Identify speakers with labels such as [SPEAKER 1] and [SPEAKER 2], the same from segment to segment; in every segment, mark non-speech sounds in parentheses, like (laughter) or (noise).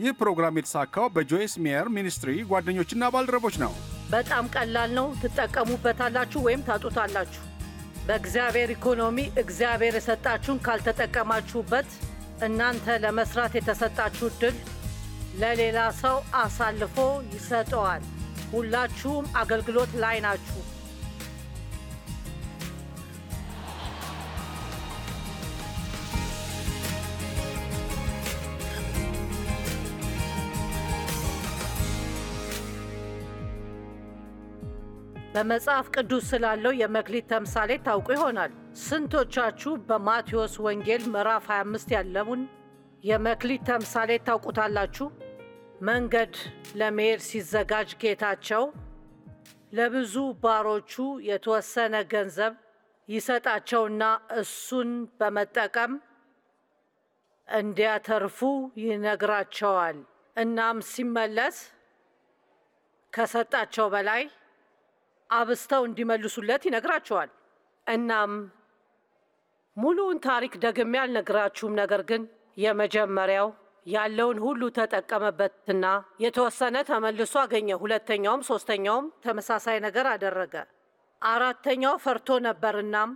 [SPEAKER 1] ይህ ፕሮግራም የተሳካው በጆይስ ሜየር ሚኒስትሪ ጓደኞችና ባልደረቦች ነው። በጣም ቀላል ነው። ትጠቀሙበታላችሁ ወይም ታጡታላችሁ። በእግዚአብሔር ኢኮኖሚ እግዚአብሔር የሰጣችሁን ካልተጠቀማችሁበት እናንተ ለመስራት የተሰጣችሁ ድል ለሌላ ሰው አሳልፎ ይሰጠዋል። ሁላችሁም አገልግሎት ላይ ናችሁ። በመጽሐፍ ቅዱስ ስላለው የመክሊት ተምሳሌ ታውቁ ይሆናል። ስንቶቻችሁ በማቴዎስ ወንጌል ምዕራፍ 25 ያለውን የመክሊት ተምሳሌ ታውቁታላችሁ? መንገድ ለመሄድ ሲዘጋጅ ጌታቸው ለብዙ ባሮቹ የተወሰነ ገንዘብ ይሰጣቸውና እሱን በመጠቀም እንዲያተርፉ ይነግራቸዋል። እናም ሲመለስ ከሰጣቸው በላይ አብስተው እንዲመልሱለት ይነግራቸዋል። እናም ሙሉውን ታሪክ ደግሜ አልነግራችሁም፣ ነገር ግን የመጀመሪያው ያለውን ሁሉ ተጠቀመበትና የተወሰነ ተመልሶ አገኘ። ሁለተኛውም ሶስተኛውም ተመሳሳይ ነገር አደረገ። አራተኛው ፈርቶ ነበር። እናም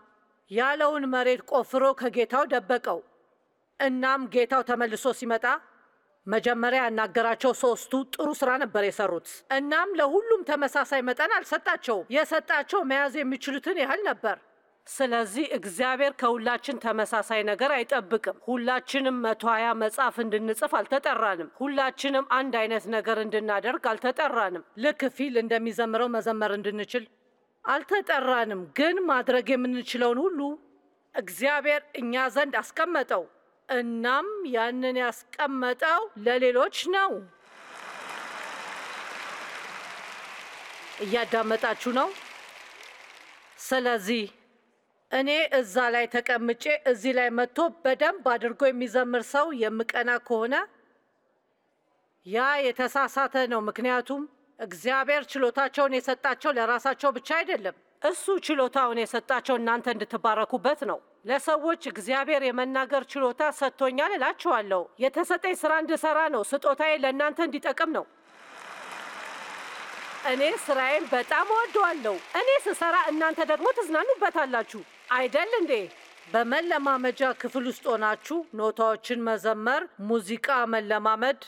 [SPEAKER 1] ያለውን መሬት ቆፍሮ ከጌታው ደበቀው። እናም ጌታው ተመልሶ ሲመጣ መጀመሪያ ያናገራቸው ሶስቱ ጥሩ ስራ ነበር የሰሩት። እናም ለሁሉም ተመሳሳይ መጠን አልሰጣቸውም። የሰጣቸው መያዝ የሚችሉትን ያህል ነበር። ስለዚህ እግዚአብሔር ከሁላችን ተመሳሳይ ነገር አይጠብቅም። ሁላችንም መቶ ሀያ መጽሐፍ እንድንጽፍ አልተጠራንም። ሁላችንም አንድ አይነት ነገር እንድናደርግ አልተጠራንም። ልክ ፊል እንደሚዘምረው መዘመር እንድንችል አልተጠራንም። ግን ማድረግ የምንችለውን ሁሉ እግዚአብሔር እኛ ዘንድ አስቀመጠው። እናም ያንን ያስቀመጠው ለሌሎች ነው። እያዳመጣችሁ ነው። ስለዚህ እኔ እዛ ላይ ተቀምጬ እዚህ ላይ መጥቶ በደንብ አድርጎ የሚዘምር ሰው የምቀና ከሆነ ያ የተሳሳተ ነው። ምክንያቱም እግዚአብሔር ችሎታቸውን የሰጣቸው ለራሳቸው ብቻ አይደለም። እሱ ችሎታውን የሰጣቸው እናንተ እንድትባረኩበት ነው። ለሰዎች እግዚአብሔር የመናገር ችሎታ ሰጥቶኛል እላችኋለሁ። የተሰጠኝ ስራ እንድሰራ ነው። ስጦታዬ ለእናንተ እንዲጠቅም ነው። እኔ ስራዬን በጣም እወደዋለሁ። እኔ ስሰራ እናንተ ደግሞ ትዝናኑበታላችሁ አይደል እንዴ? በመለማመጃ ክፍል ውስጥ ሆናችሁ ኖታዎችን መዘመር፣ ሙዚቃ መለማመድ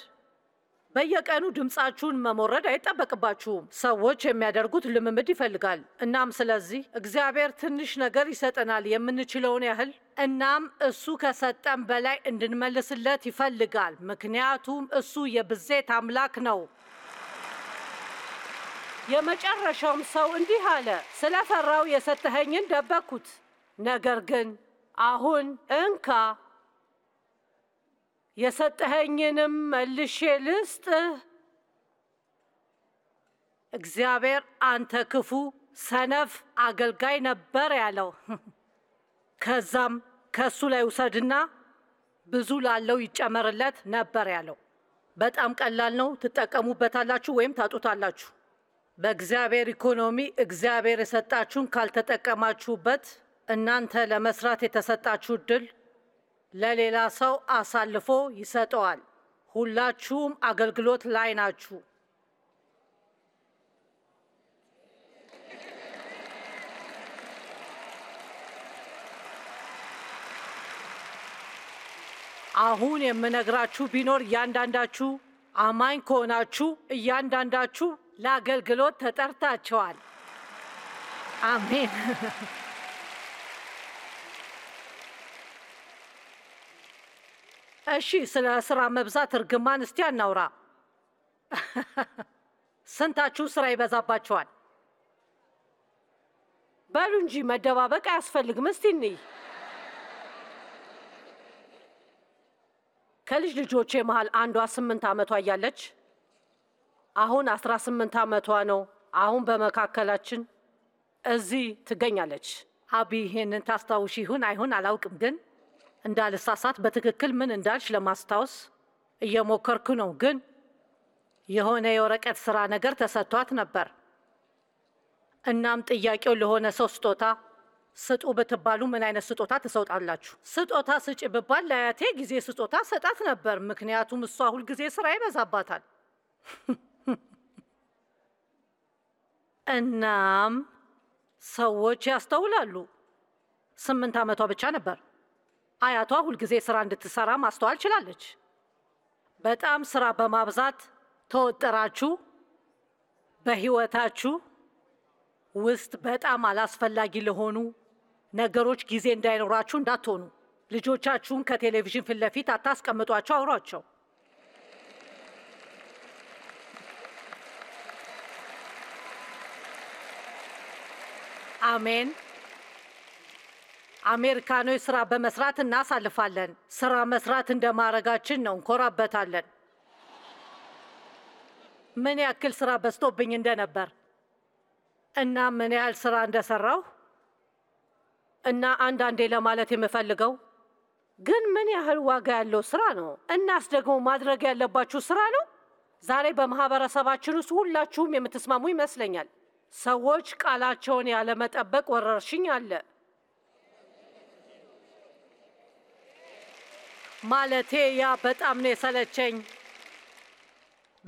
[SPEAKER 1] በየቀኑ ድምፃችሁን መሞረድ አይጠበቅባችሁም። ሰዎች የሚያደርጉት ልምምድ ይፈልጋል። እናም ስለዚህ እግዚአብሔር ትንሽ ነገር ይሰጠናል፣ የምንችለውን ያህል። እናም እሱ ከሰጠን በላይ እንድንመልስለት ይፈልጋል፣ ምክንያቱም እሱ የብዜት አምላክ ነው። የመጨረሻውም ሰው እንዲህ አለ፣ ስለፈራው የሰጠኸኝን ደበቅኩት፣ ነገር ግን አሁን እንካ የሰጠኸኝንም መልሼ ልስጥ። እግዚአብሔር አንተ ክፉ ሰነፍ አገልጋይ ነበር ያለው። ከዛም ከሱ ላይ ውሰድና ብዙ ላለው ይጨመርለት ነበር ያለው። በጣም ቀላል ነው። ትጠቀሙበታላችሁ ወይም ታጡታላችሁ። በእግዚአብሔር ኢኮኖሚ እግዚአብሔር የሰጣችሁን ካልተጠቀማችሁበት እናንተ ለመስራት የተሰጣችሁ እድል ለሌላ ሰው አሳልፎ ይሰጠዋል። ሁላችሁም አገልግሎት ላይ ናችሁ። አሁን የምነግራችሁ ቢኖር እያንዳንዳችሁ አማኝ ከሆናችሁ እያንዳንዳችሁ ለአገልግሎት ተጠርታቸዋል አሜን። እሺ፣ ስለ ስራ መብዛት እርግማን እስቲ አናውራ። (laughs) ስንታችሁ ስራ ይበዛባቸዋል በሉ እንጂ መደባበቅ አያስፈልግም። እስቲ እንይ። ከልጅ ልጆቼ መሀል አንዷ ስምንት ዓመቷ እያለች አሁን አስራ ስምንት ዓመቷ ነው። አሁን በመካከላችን እዚህ ትገኛለች። አቢ ይሄንን ታስታውሽ ይሁን አይሁን አላውቅም ግን እንዳልሳሳት በትክክል ምን እንዳልሽ ለማስታወስ እየሞከርኩ ነው። ግን የሆነ የወረቀት ስራ ነገር ተሰጥቷት ነበር። እናም ጥያቄው ለሆነ ሰው ስጦታ ስጡ ብትባሉ ምን አይነት ስጦታ ትሰውጣላችሁ? ስጦታ ስጭ ብባል ለአያቴ ጊዜ ስጦታ ሰጣት ነበር፣ ምክንያቱም እሷ ሁልጊዜ ስራ ይበዛባታል። እናም ሰዎች ያስተውላሉ። ስምንት ዓመቷ ብቻ ነበር። አያቷ ሁልጊዜ ስራ እንድትሰራ ማስተዋል ችላለች። በጣም ስራ በማብዛት ተወጠራችሁ በህይወታችሁ ውስጥ በጣም አላስፈላጊ ለሆኑ ነገሮች ጊዜ እንዳይኖራችሁ እንዳትሆኑ። ልጆቻችሁን ከቴሌቪዥን ፊት ለፊት አታስቀምጧቸው፣ አውሯቸው። አሜን። አሜሪካኖች ስራ በመስራት እናሳልፋለን። ስራ መስራት እንደማረጋችን ነው፣ እንኮራበታለን። ምን ያክል ስራ በዝቶብኝ እንደነበር እና ምን ያህል ስራ እንደሰራሁ እና አንዳንዴ ለማለት የምፈልገው ግን ምን ያህል ዋጋ ያለው ስራ ነው። እናስ ደግሞ ማድረግ ያለባችሁ ስራ ነው። ዛሬ በማህበረሰባችን ውስጥ ሁላችሁም የምትስማሙ ይመስለኛል። ሰዎች ቃላቸውን ያለመጠበቅ ወረርሽኝ አለ። ማለቴ ያ በጣም ነው የሰለቸኝ።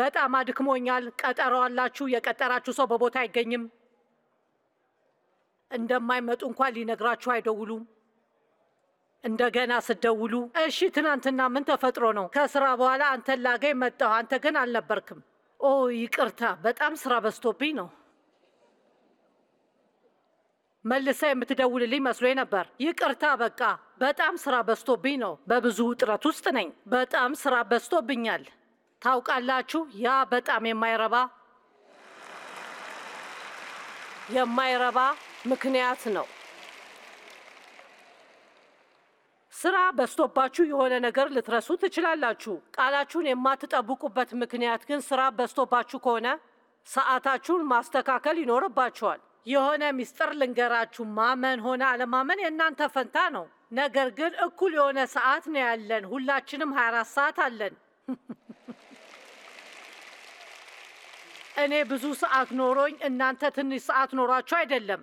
[SPEAKER 1] በጣም አድክሞኛል። ቀጠሮ አላችሁ? የቀጠራችሁ ሰው በቦታ አይገኝም። እንደማይመጡ እንኳን ሊነግራችሁ አይደውሉም። እንደገና ስደውሉ እሺ፣ ትናንትና ምን ተፈጥሮ ነው? ከስራ በኋላ አንተን ላገኝ መጣሁ፣ አንተ ግን አልነበርክም። ኦ ይቅርታ፣ በጣም ስራ በዝቶብኝ ነው። መልሳ የምትደውልልኝ መስሎኝ ነበር። ይቅርታ በቃ በጣም ስራ በዝቶብኝ ነው። በብዙ ውጥረት ውስጥ ነኝ። በጣም ስራ በዝቶብኛል። ታውቃላችሁ፣ ያ በጣም የማይረባ የማይረባ ምክንያት ነው። ስራ በዝቶባችሁ የሆነ ነገር ልትረሱ ትችላላችሁ። ቃላችሁን የማትጠብቁበት ምክንያት ግን ስራ በዝቶባችሁ ከሆነ ሰዓታችሁን ማስተካከል ይኖርባችኋል። የሆነ ሚስጥር ልንገራችሁ። ማመን ሆነ አለማመን የእናንተ ፈንታ ነው። ነገር ግን እኩል የሆነ ሰዓት ነው ያለን። ሁላችንም 24 ሰዓት አለን። እኔ ብዙ ሰዓት ኖሮኝ እናንተ ትንሽ ሰዓት ኖሯችሁ አይደለም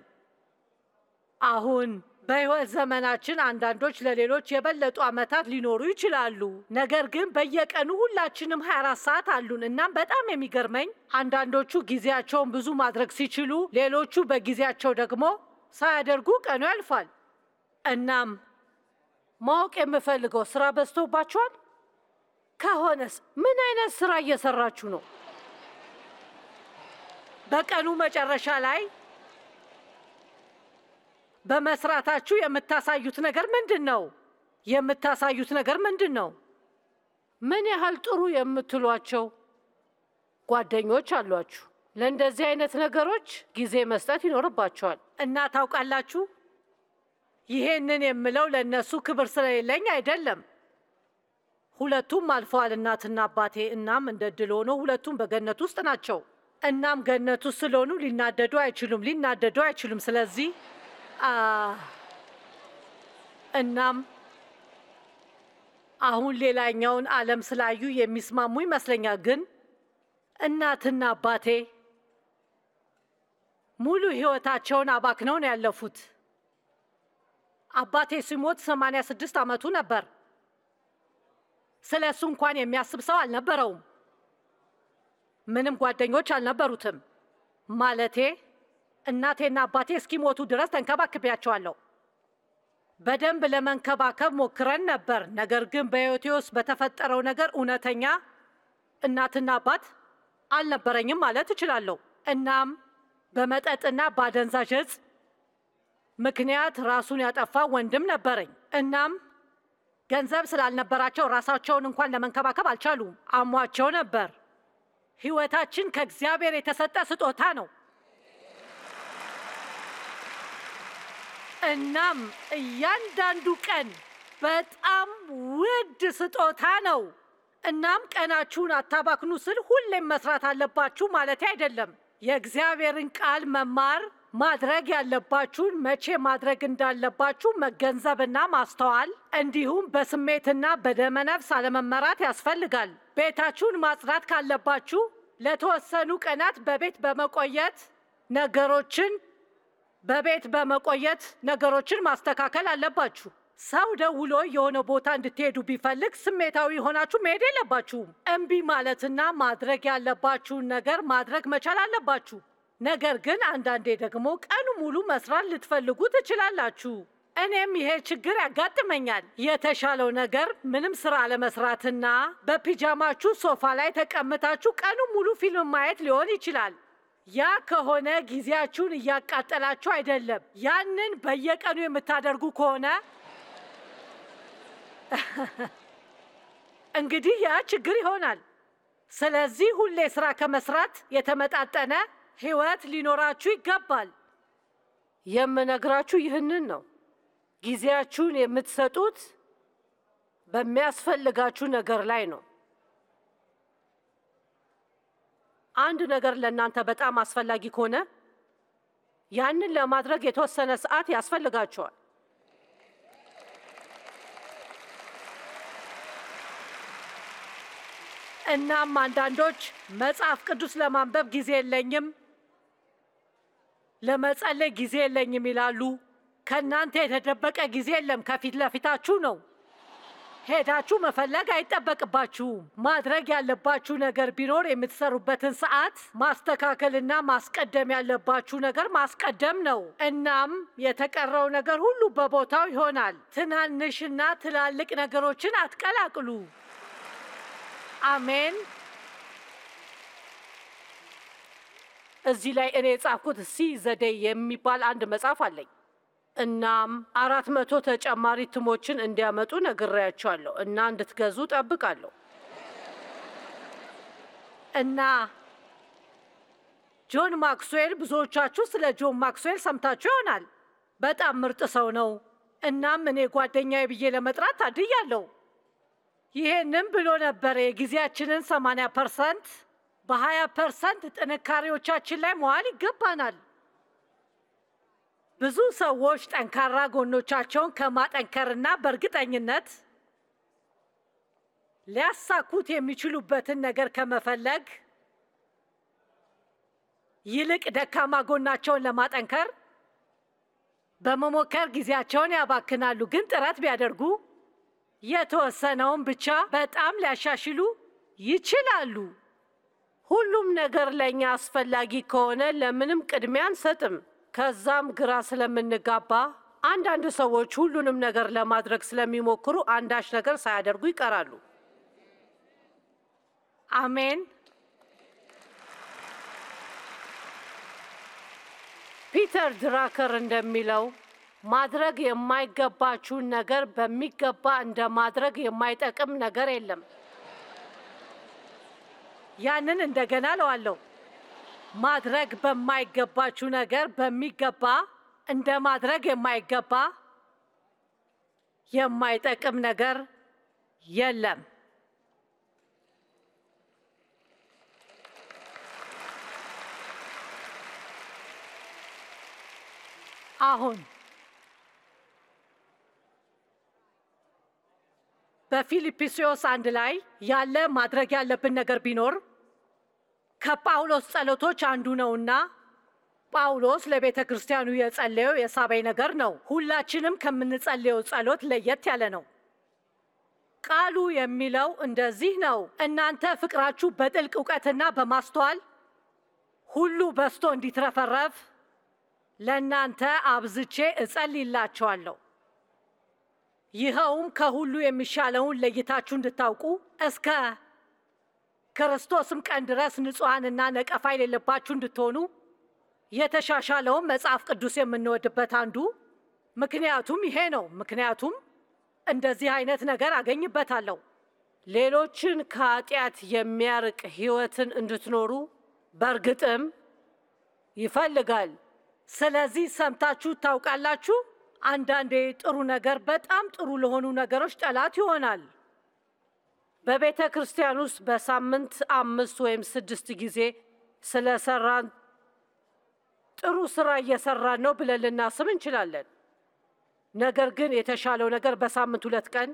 [SPEAKER 1] አሁን በሕይወት ዘመናችን አንዳንዶች ለሌሎች የበለጡ ዓመታት ሊኖሩ ይችላሉ። ነገር ግን በየቀኑ ሁላችንም 24 ሰዓት አሉን። እናም በጣም የሚገርመኝ አንዳንዶቹ ጊዜያቸውን ብዙ ማድረግ ሲችሉ፣ ሌሎቹ በጊዜያቸው ደግሞ ሳያደርጉ ቀኑ ያልፋል። እናም ማወቅ የምፈልገው ስራ በዝቶባችኋል? ከሆነስ ምን አይነት ስራ እየሰራችሁ ነው? በቀኑ መጨረሻ ላይ በመስራታችሁ የምታሳዩት ነገር ምንድን ነው? የምታሳዩት ነገር ምንድን ነው? ምን ያህል ጥሩ የምትሏቸው ጓደኞች አሏችሁ? ለእንደዚህ አይነት ነገሮች ጊዜ መስጠት ይኖርባቸዋል። እና ታውቃላችሁ፣ ይሄንን የምለው ለእነሱ ክብር ስለሌለኝ አይደለም። ሁለቱም አልፈዋል፣ እናትና አባቴ። እናም እንደ ድል ሆኖ ሁለቱም በገነት ውስጥ ናቸው። እናም ገነቱ ስለሆኑ ሊናደዱ አይችሉም፣ ሊናደዱ አይችሉም። ስለዚህ እናም አሁን ሌላኛውን ዓለም ስላዩ የሚስማሙ ይመስለኛል። ግን እናትና አባቴ ሙሉ ሕይወታቸውን አባክነው ነው ያለፉት። አባቴ ሲሞት 86 ዓመቱ ነበር። ስለ እሱ እንኳን የሚያስብ ሰው አልነበረውም። ምንም ጓደኞች አልነበሩትም ማለቴ እናቴና አባቴ እስኪሞቱ ድረስ ተንከባክቢያቸዋለሁ በደንብ ለመንከባከብ ሞክረን ነበር። ነገር ግን በሕይወቴ ውስጥ በተፈጠረው ነገር እውነተኛ እናትና አባት አልነበረኝም ማለት እችላለሁ። እናም በመጠጥና በአደንዛዥ እጽ ምክንያት ራሱን ያጠፋ ወንድም ነበረኝ። እናም ገንዘብ ስላልነበራቸው ራሳቸውን እንኳን ለመንከባከብ አልቻሉም፣ አሟቸው ነበር። ሕይወታችን ከእግዚአብሔር የተሰጠ ስጦታ ነው። እናም እያንዳንዱ ቀን በጣም ውድ ስጦታ ነው። እናም ቀናችሁን አታባክኑ ስል ሁሌም መስራት አለባችሁ ማለት አይደለም። የእግዚአብሔርን ቃል መማር፣ ማድረግ ያለባችሁን መቼ ማድረግ እንዳለባችሁ መገንዘብና ማስተዋል፣ እንዲሁም በስሜትና በደመነፍስ አለመመራት ያስፈልጋል። ቤታችሁን ማጽዳት ካለባችሁ ለተወሰኑ ቀናት በቤት በመቆየት ነገሮችን በቤት በመቆየት ነገሮችን ማስተካከል አለባችሁ። ሰው ደውሎ የሆነ ቦታ እንድትሄዱ ቢፈልግ ስሜታዊ ሆናችሁ መሄድ የለባችሁም። እምቢ ማለትና ማድረግ ያለባችሁን ነገር ማድረግ መቻል አለባችሁ። ነገር ግን አንዳንዴ ደግሞ ቀኑ ሙሉ መስራት ልትፈልጉ ትችላላችሁ። እኔም ይሄ ችግር ያጋጥመኛል። የተሻለው ነገር ምንም ስራ አለመስራትና በፒጃማችሁ ሶፋ ላይ ተቀምጣችሁ ቀኑ ሙሉ ፊልም ማየት ሊሆን ይችላል። ያ ከሆነ ጊዜያችሁን እያቃጠላችሁ አይደለም። ያንን በየቀኑ የምታደርጉ ከሆነ (laughs) እንግዲህ ያ ችግር ይሆናል። ስለዚህ ሁሌ ስራ ከመስራት የተመጣጠነ ህይወት ሊኖራችሁ ይገባል። የምነግራችሁ ይህንን ነው። ጊዜያችሁን የምትሰጡት በሚያስፈልጋችሁ ነገር ላይ ነው። አንድ ነገር ለእናንተ በጣም አስፈላጊ ከሆነ ያንን ለማድረግ የተወሰነ ሰዓት ያስፈልጋቸዋል። እናም አንዳንዶች መጽሐፍ ቅዱስ ለማንበብ ጊዜ የለኝም፣ ለመጸለይ ጊዜ የለኝም ይላሉ። ከእናንተ የተደበቀ ጊዜ የለም፣ ከፊት ለፊታችሁ ነው። ሄዳችሁ መፈለግ አይጠበቅባችሁም። ማድረግ ያለባችሁ ነገር ቢኖር የምትሰሩበትን ሰዓት ማስተካከልና ማስቀደም ያለባችሁ ነገር ማስቀደም ነው። እናም የተቀረው ነገር ሁሉ በቦታው ይሆናል። ትናንሽና ትላልቅ ነገሮችን አትቀላቅሉ። አሜን። እዚህ ላይ እኔ የጻፍኩት ሲ ዘዴ የሚባል አንድ መጽሐፍ አለኝ። እናም አራት መቶ ተጨማሪ ትሞችን እንዲያመጡ ነግሬያቸዋለሁ እና እንድትገዙ ጠብቃለሁ። እና ጆን ማክስዌል ብዙዎቻችሁ ስለ ጆን ማክስዌል ሰምታችሁ ይሆናል። በጣም ምርጥ ሰው ነው። እናም እኔ ጓደኛዬ ብዬ ለመጥራት አድያለሁ። ይሄንም ብሎ ነበረ የጊዜያችንን 80 ፐርሰንት በ20 ፐርሰንት ጥንካሬዎቻችን ላይ መዋል ይገባናል። ብዙ ሰዎች ጠንካራ ጎኖቻቸውን ከማጠንከርና በእርግጠኝነት ሊያሳኩት የሚችሉበትን ነገር ከመፈለግ ይልቅ ደካማ ጎናቸውን ለማጠንከር በመሞከር ጊዜያቸውን ያባክናሉ። ግን ጥረት ቢያደርጉ የተወሰነውን ብቻ በጣም ሊያሻሽሉ ይችላሉ። ሁሉም ነገር ለእኛ አስፈላጊ ከሆነ ለምንም ቅድሚያ አንሰጥም። ከዛም ግራ ስለምንጋባ አንዳንድ ሰዎች ሁሉንም ነገር ለማድረግ ስለሚሞክሩ አንዳች ነገር ሳያደርጉ ይቀራሉ። አሜን። ፒተር ድራከር እንደሚለው ማድረግ የማይገባችሁን ነገር በሚገባ እንደ ማድረግ የማይጠቅም ነገር የለም። ያንን እንደገና እለዋለሁ። ማድረግ በማይገባችሁ ነገር በሚገባ እንደ ማድረግ የማይገባ የማይጠቅም ነገር የለም። አሁን በፊልጵስዩስ አንድ ላይ ያለ ማድረግ ያለብን ነገር ቢኖር ከጳውሎስ ጸሎቶች አንዱ ነውና ጳውሎስ ለቤተ ክርስቲያኑ የጸለየው የሳበይ ነገር ነው። ሁላችንም ከምንጸልየው ጸሎት ለየት ያለ ነው። ቃሉ የሚለው እንደዚህ ነው፣ እናንተ ፍቅራችሁ በጥልቅ እውቀትና በማስተዋል ሁሉ በስቶ እንዲትረፈረፍ ለእናንተ አብዝቼ እጸልይላችኋለሁ። ይኸውም ከሁሉ የሚሻለውን ለይታችሁ እንድታውቁ እስከ ክርስቶስም ቀን ድረስ ንጹሐንና ነቀፋ የሌለባችሁ እንድትሆኑ የተሻሻለውን መጽሐፍ ቅዱስ የምንወድበት አንዱ ምክንያቱም ይሄ ነው። ምክንያቱም እንደዚህ አይነት ነገር አገኝበታለሁ። ሌሎችን ከኃጢአት የሚያርቅ ሕይወትን እንድትኖሩ በእርግጥም ይፈልጋል። ስለዚህ ሰምታችሁ ታውቃላችሁ፣ አንዳንዴ ጥሩ ነገር በጣም ጥሩ ለሆኑ ነገሮች ጠላት ይሆናል። በቤተ ክርስቲያን ውስጥ በሳምንት አምስት ወይም ስድስት ጊዜ ስለሰራን ጥሩ ስራ እየሰራን ነው ብለን ልናስብ እንችላለን። ነገር ግን የተሻለው ነገር በሳምንት ሁለት ቀን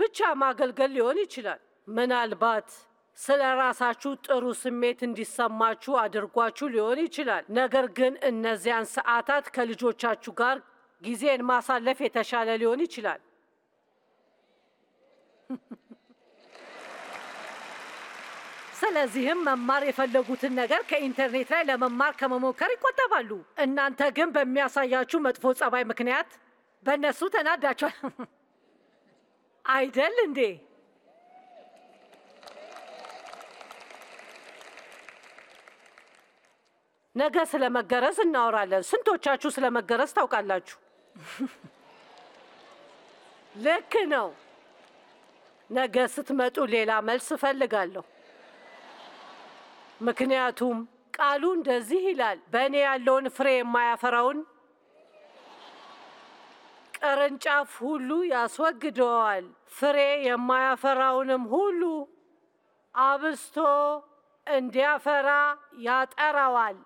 [SPEAKER 1] ብቻ ማገልገል ሊሆን ይችላል። ምናልባት ስለ ራሳችሁ ጥሩ ስሜት እንዲሰማችሁ አድርጓችሁ ሊሆን ይችላል። ነገር ግን እነዚያን ሰዓታት ከልጆቻችሁ ጋር ጊዜን ማሳለፍ የተሻለ ሊሆን ይችላል። ስለዚህም መማር የፈለጉትን ነገር ከኢንተርኔት ላይ ለመማር ከመሞከር ይቆጠባሉ። እናንተ ግን በሚያሳያችሁ መጥፎ ጸባይ ምክንያት በእነሱ ተናዳችኋል (laughs) አይደል እንዴ? ነገ ስለ መገረዝ እናወራለን። ስንቶቻችሁ ስለ መገረዝ ታውቃላችሁ? (laughs) ልክ ነው። ነገ ስትመጡ ሌላ መልስ እፈልጋለሁ። ምክንያቱም ቃሉ እንደዚህ ይላል፣ በእኔ ያለውን ፍሬ የማያፈራውን ቅርንጫፍ ሁሉ ያስወግደዋል፣ ፍሬ የማያፈራውንም ሁሉ አብስቶ እንዲያፈራ ያጠራዋል።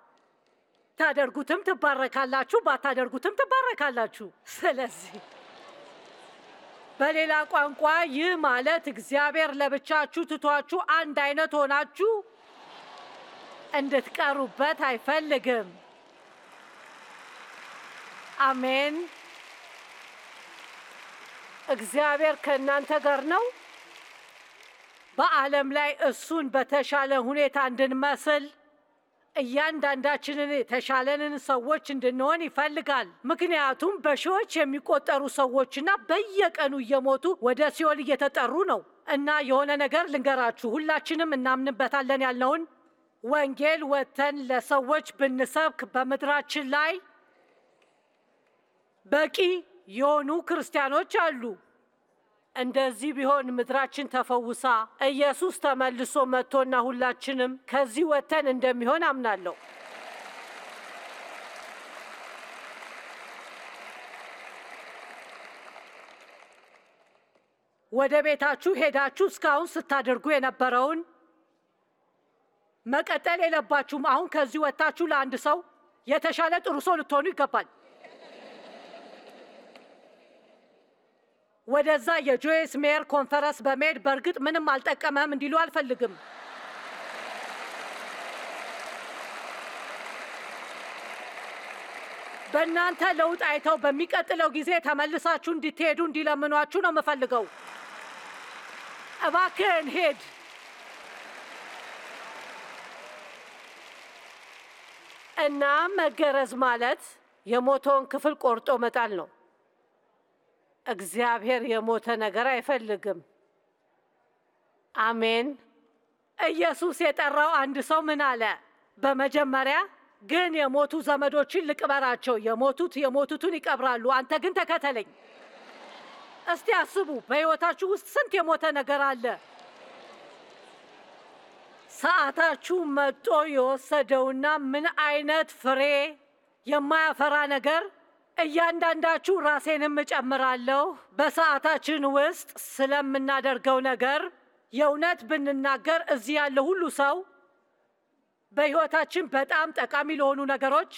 [SPEAKER 1] ታደርጉትም ትባረካላችሁ፣ ባታደርጉትም ትባረካላችሁ። ስለዚህ በሌላ ቋንቋ ይህ ማለት እግዚአብሔር ለብቻችሁ ትቷችሁ አንድ አይነት ሆናችሁ እንድትቀሩበት አይፈልግም። አሜን። እግዚአብሔር ከእናንተ ጋር ነው። በዓለም ላይ እሱን በተሻለ ሁኔታ እንድንመስል እያንዳንዳችንን የተሻለንን ሰዎች እንድንሆን ይፈልጋል። ምክንያቱም በሺዎች የሚቆጠሩ ሰዎችና በየቀኑ እየሞቱ ወደ ሲኦል እየተጠሩ ነው። እና የሆነ ነገር ልንገራችሁ፣ ሁላችንም እናምንበታለን ያልነውን ወንጌል ወጥተን ለሰዎች ብንሰብክ በምድራችን ላይ በቂ የሆኑ ክርስቲያኖች አሉ። እንደዚህ ቢሆን ምድራችን ተፈውሳ ኢየሱስ ተመልሶ መጥቶና ሁላችንም ከዚህ ወጥተን እንደሚሆን አምናለሁ። ወደ ቤታችሁ ሄዳችሁ እስካሁን ስታደርጉ የነበረውን መቀጠል የለባችሁም። አሁን ከዚህ ወጥታችሁ ለአንድ ሰው የተሻለ ጥሩ ሰው ልትሆኑ ይገባል። ወደዛ የጆይስ ሜየር ኮንፈረንስ በመሄድ በእርግጥ ምንም አልጠቀመም እንዲሉ አልፈልግም። በእናንተ ለውጥ አይተው በሚቀጥለው ጊዜ ተመልሳችሁ እንድትሄዱ እንዲለምኗችሁ ነው የምፈልገው። እባክህን ሄድ። እና መገረዝ ማለት የሞተውን ክፍል ቆርጦ መጣል ነው። እግዚአብሔር የሞተ ነገር አይፈልግም። አሜን። ኢየሱስ የጠራው አንድ ሰው ምን አለ? በመጀመሪያ ግን የሞቱ ዘመዶችን ልቅበራቸው። የሞቱት የሞቱትን ይቀብራሉ፣ አንተ ግን ተከተለኝ። እስቲ አስቡ፣ በሕይወታችሁ ውስጥ ስንት የሞተ ነገር አለ? ሰዓታችሁ መጦ የወሰደውና ምን አይነት ፍሬ የማያፈራ ነገር እያንዳንዳችሁ ራሴንም እጨምራለሁ በሰዓታችን ውስጥ ስለምናደርገው ነገር የእውነት ብንናገር እዚህ ያለ ሁሉ ሰው በሕይወታችን በጣም ጠቃሚ ለሆኑ ነገሮች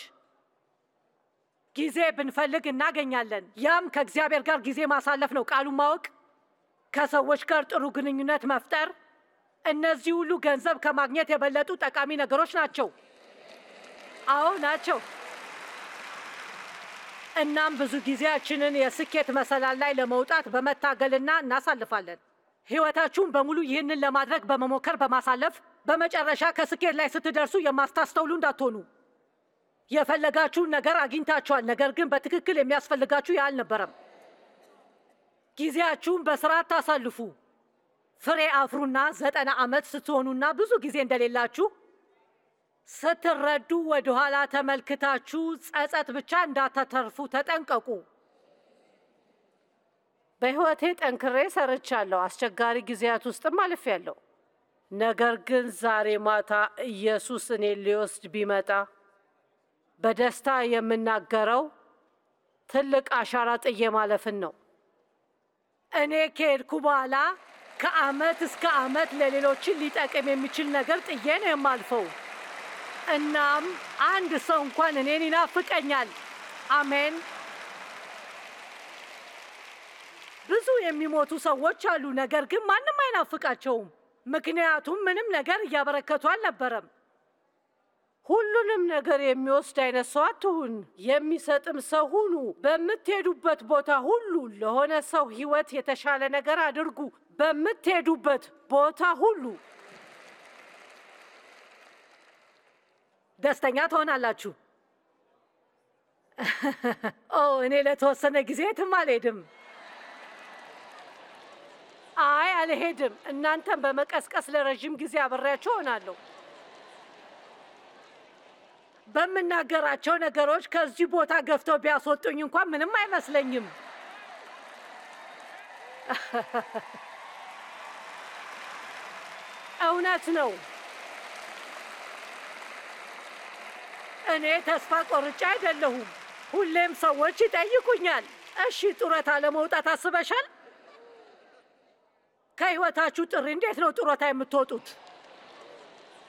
[SPEAKER 1] ጊዜ ብንፈልግ እናገኛለን። ያም ከእግዚአብሔር ጋር ጊዜ ማሳለፍ ነው፣ ቃሉ ማወቅ፣ ከሰዎች ጋር ጥሩ ግንኙነት መፍጠር እነዚህ ሁሉ ገንዘብ ከማግኘት የበለጡ ጠቃሚ ነገሮች ናቸው። አዎ ናቸው። እናም ብዙ ጊዜያችንን የስኬት መሰላል ላይ ለመውጣት በመታገልና እናሳልፋለን። ሕይወታችሁን በሙሉ ይህንን ለማድረግ በመሞከር በማሳለፍ በመጨረሻ ከስኬት ላይ ስትደርሱ የማስታስተውሉ እንዳትሆኑ። የፈለጋችሁን ነገር አግኝታችኋል፣ ነገር ግን በትክክል የሚያስፈልጋችሁ ያህል ነበረም። ጊዜያችሁን በስርዓት ታሳልፉ። ፍሬ አፍሩና ዘጠና ዓመት ስትሆኑና ብዙ ጊዜ እንደሌላችሁ ስትረዱ ወደኋላ ተመልክታችሁ ጸጸት ብቻ እንዳታተርፉ ተጠንቀቁ። በሕይወቴ ጠንክሬ ሰርቻለሁ። አስቸጋሪ ጊዜያት ውስጥም አልፌያለሁ። ነገር ግን ዛሬ ማታ ኢየሱስ እኔ ሊወስድ ቢመጣ በደስታ የምናገረው ትልቅ አሻራ ጥዬ ማለፍን ነው። እኔ ከሄድኩ በኋላ ከአመት እስከ አመት ለሌሎችን ሊጠቅም የሚችል ነገር ጥዬ ነው የማልፈው። እናም አንድ ሰው እንኳን እኔን ይናፍቀኛል። አሜን። ብዙ የሚሞቱ ሰዎች አሉ፣ ነገር ግን ማንም አይናፍቃቸውም፣ ምክንያቱም ምንም ነገር እያበረከቱ አልነበረም። ሁሉንም ነገር የሚወስድ አይነት ሰው አትሁን፣ የሚሰጥም ሰው ሁኑ። በምትሄዱበት ቦታ ሁሉ ለሆነ ሰው ሕይወት የተሻለ ነገር አድርጉ። በምትሄዱበት ቦታ ሁሉ ደስተኛ ትሆናላችሁ። (laughs) ኦ እኔ ለተወሰነ ጊዜ የትም አልሄድም። አይ አልሄድም። እናንተን በመቀስቀስ ለረዥም ጊዜ አብሬያችሁ እሆናለሁ። በምናገራቸው ነገሮች ከዚህ ቦታ ገፍተው ቢያስወጡኝ እንኳን ምንም አይመስለኝም። (laughs) እውነት ነው። እኔ ተስፋ ቆርጬ አይደለሁም። ሁሌም ሰዎች ይጠይቁኛል፣ እሺ ጡረታ ለመውጣት አስበሻል? ከህይወታችሁ ጥሪ እንዴት ነው ጡረታ የምትወጡት?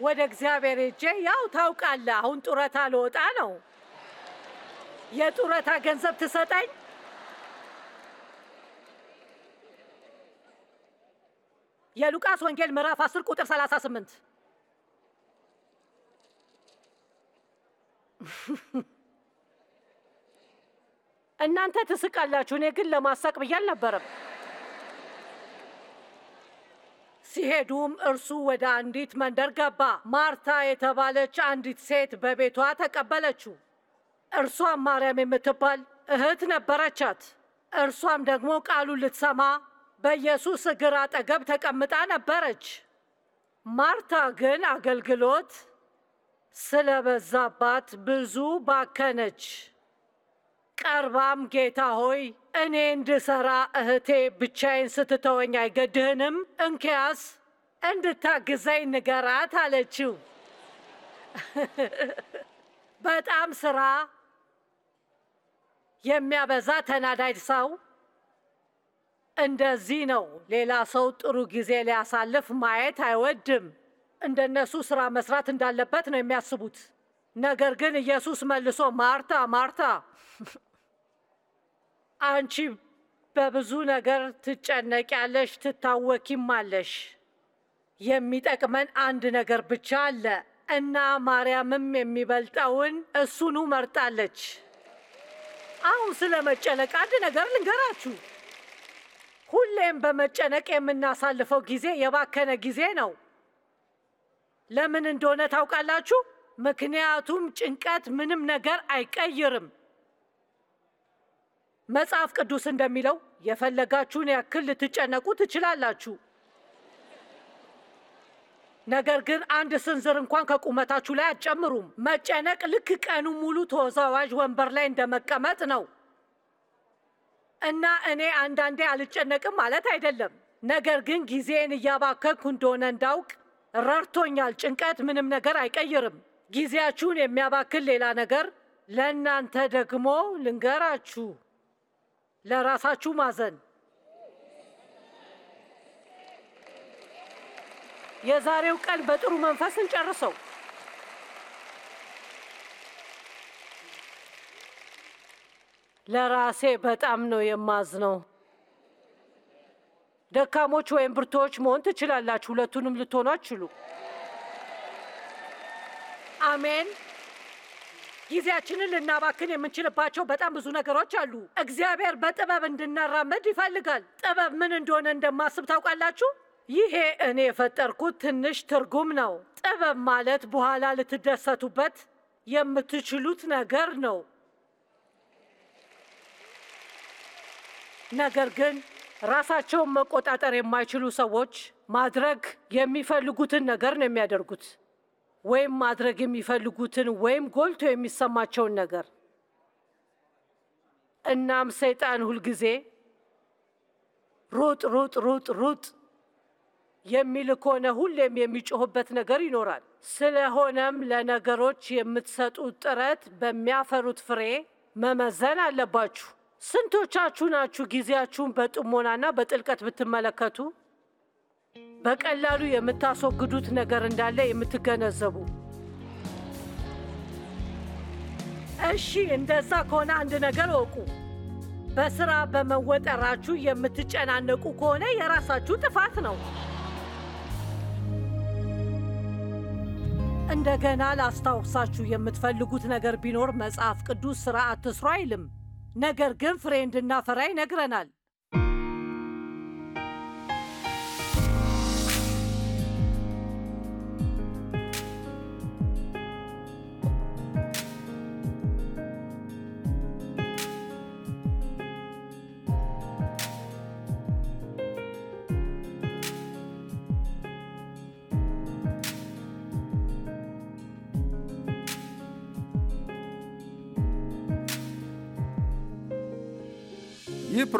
[SPEAKER 1] ወደ እግዚአብሔር ሄጄ ያው ታውቃለህ፣ አሁን ጡረታ ልወጣ ነው፣ የጡረታ ገንዘብ ትሰጠኝ የሉቃስ ወንጌል ምዕራፍ 10 ቁጥር 38 እናንተ ትስቃላችሁ፣ እኔ ግን ለማሳቅ ብዬ አልነበረም። ሲሄዱም እርሱ ወደ አንዲት መንደር ገባ። ማርታ የተባለች አንዲት ሴት በቤቷ ተቀበለችው። እርሷም ማርያም የምትባል እህት ነበረቻት። እርሷም ደግሞ ቃሉን ልትሰማ በኢየሱስ እግር አጠገብ ተቀምጣ ነበረች። ማርታ ግን አገልግሎት ስለበዛባት ብዙ ባከነች። ቀርባም ጌታ ሆይ እኔ እንድሰራ እህቴ ብቻዬን ስትተወኝ አይገድህንም? እንኪያስ እንድታግዘኝ ንገራት አለችው። በጣም ስራ የሚያበዛ ተናዳጅ ሰው እንደዚህ ነው። ሌላ ሰው ጥሩ ጊዜ ሊያሳልፍ ማየት አይወድም። እንደነሱ ስራ መስራት እንዳለበት ነው የሚያስቡት። ነገር ግን ኢየሱስ መልሶ ማርታ ማርታ፣ (laughs) አንቺ በብዙ ነገር ትጨነቂያለሽ፣ ትታወኪማለሽ። የሚጠቅመን አንድ ነገር ብቻ አለ እና ማርያምም የሚበልጠውን እሱኑ መርጣለች። አሁን ስለ መጨነቅ አንድ ነገር ልንገራችሁ። ሁሌም በመጨነቅ የምናሳልፈው ጊዜ የባከነ ጊዜ ነው። ለምን እንደሆነ ታውቃላችሁ? ምክንያቱም ጭንቀት ምንም ነገር አይቀይርም። መጽሐፍ ቅዱስ እንደሚለው የፈለጋችሁን ያክል ልትጨነቁ ትችላላችሁ፣ ነገር ግን አንድ ስንዝር እንኳን ከቁመታችሁ ላይ አትጨምሩም። መጨነቅ ልክ ቀኑ ሙሉ ተወዛዋዥ ወንበር ላይ እንደመቀመጥ ነው። እና እኔ አንዳንዴ አልጨነቅም ማለት አይደለም። ነገር ግን ጊዜን እያባከኩ እንደሆነ እንዳውቅ ረድቶኛል። ጭንቀት ምንም ነገር አይቀይርም። ጊዜያችሁን የሚያባክል ሌላ ነገር ለእናንተ ደግሞ ልንገራችሁ፣ ለራሳችሁ ማዘን። የዛሬው ቀን በጥሩ መንፈስ እንጨርሰው። ለራሴ በጣም ነው የማዝነው። ደካሞች ወይም ብርቶች መሆን ትችላላችሁ፣ ሁለቱንም ልትሆኑ አትችሉ። አሜን። ጊዜያችንን ልናባክን የምንችልባቸው በጣም ብዙ ነገሮች አሉ። እግዚአብሔር በጥበብ እንድናራመድ ይፈልጋል። ጥበብ ምን እንደሆነ እንደማስብ ታውቃላችሁ? ይሄ እኔ የፈጠርኩት ትንሽ ትርጉም ነው። ጥበብ ማለት በኋላ ልትደሰቱበት የምትችሉት ነገር ነው። ነገር ግን ራሳቸውን መቆጣጠር የማይችሉ ሰዎች ማድረግ የሚፈልጉትን ነገር ነው የሚያደርጉት፣ ወይም ማድረግ የሚፈልጉትን ወይም ጎልቶ የሚሰማቸውን ነገር። እናም ሰይጣን ሁልጊዜ ሩጥ ሩጥ ሩጥ ሩጥ የሚል ከሆነ ሁሌም የሚጮህበት ነገር ይኖራል። ስለሆነም ለነገሮች የምትሰጡት ጥረት በሚያፈሩት ፍሬ መመዘን አለባችሁ። ስንቶቻችሁ ናችሁ ጊዜያችሁን በጥሞናና በጥልቀት ብትመለከቱ በቀላሉ የምታስወግዱት ነገር እንዳለ የምትገነዘቡ? እሺ፣ እንደዛ ከሆነ አንድ ነገር እወቁ። በስራ በመወጠራችሁ የምትጨናነቁ ከሆነ የራሳችሁ ጥፋት ነው። እንደገና ላስታውሳችሁ የምትፈልጉት ነገር ቢኖር መጽሐፍ ቅዱስ ስራ አትስሩ አይልም። ነገር ግን ፍሬ እንድናፈራ ይነግረናል።